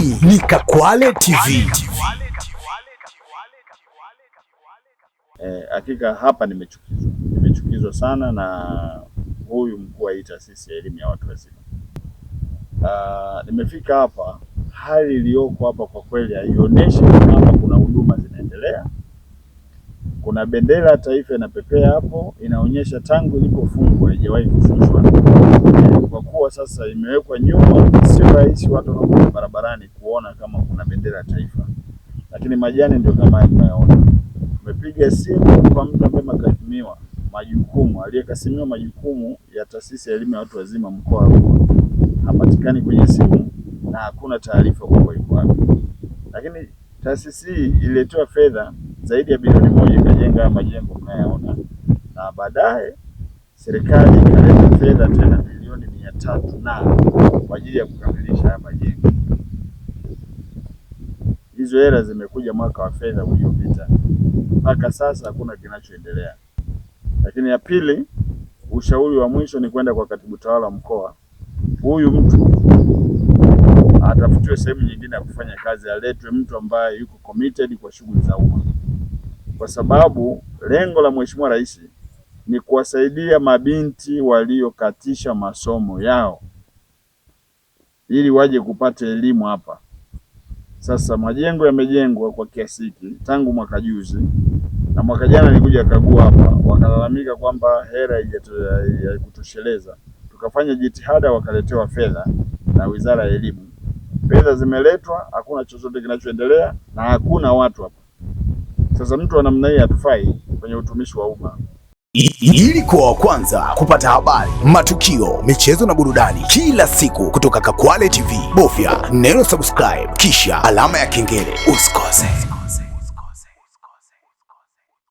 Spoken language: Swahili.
Hii ni Kakwale TV. Eh, hakika hapa nimechukizwa, nimechukizwa sana na huyu mkuu wa hii taasisi ya elimu ya watu wazima. Uh, nimefika hapa, hali iliyoko hapa kwa kweli haionyeshi kama kuna huduma zinaendelea kuna bendera ya taifa inapepea hapo, inaonyesha tangu ilipofungwa haijawahi kushushwa. Eh, kwa kuwa sasa imewekwa nyuma, sio rahisi watu wanaokuwa barabarani kuona kama kuna bendera ya taifa, lakini majani ndio kama haya tunayoona. Tumepiga simu kwa mtu ambaye amekasimiwa majukumu, aliyekasimiwa majukumu ya taasisi ya elimu ya watu wazima mkoa huu, hapatikani kwenye simu na hakuna taarifa kwamba yuko wapi, lakini taasisi hii ililetewa fedha zaidi ya bilioni moja ikajenga majengo mnayoona, na baadaye serikali ikaleta fedha tena bilioni mia tatu na kwa ajili ya kukamilisha haya majengo. Hizo hela zimekuja mwaka wa fedha uliopita, mpaka sasa hakuna kinachoendelea. Lakini ya pili, ushauri wa mwisho ni kwenda kwa katibu tawala mkoa, huyu mtu atafutiwe sehemu nyingine ya kufanya kazi, aletwe mtu ambaye yuko committed kwa shughuli za umma, kwa sababu lengo la Mheshimiwa Rais ni kuwasaidia mabinti waliokatisha masomo yao ili waje kupata elimu hapa. Sasa majengo yamejengwa kwa kiasi hiki tangu mwaka juzi, na mwaka jana nilikuja kagua hapa, wakalalamika kwamba hela haikutosheleza, tukafanya jitihada, wakaletewa fedha na Wizara ya Elimu fedha zimeletwa, hakuna chochote kinachoendelea na hakuna watu hapa. Sasa mtu wa namna hii hatufai kwenye utumishi wa umma. Ili kuwa wa kwanza kupata habari, matukio, michezo na burudani kila siku kutoka Kakwale TV, bofya neno subscribe kisha alama ya kengele usikose.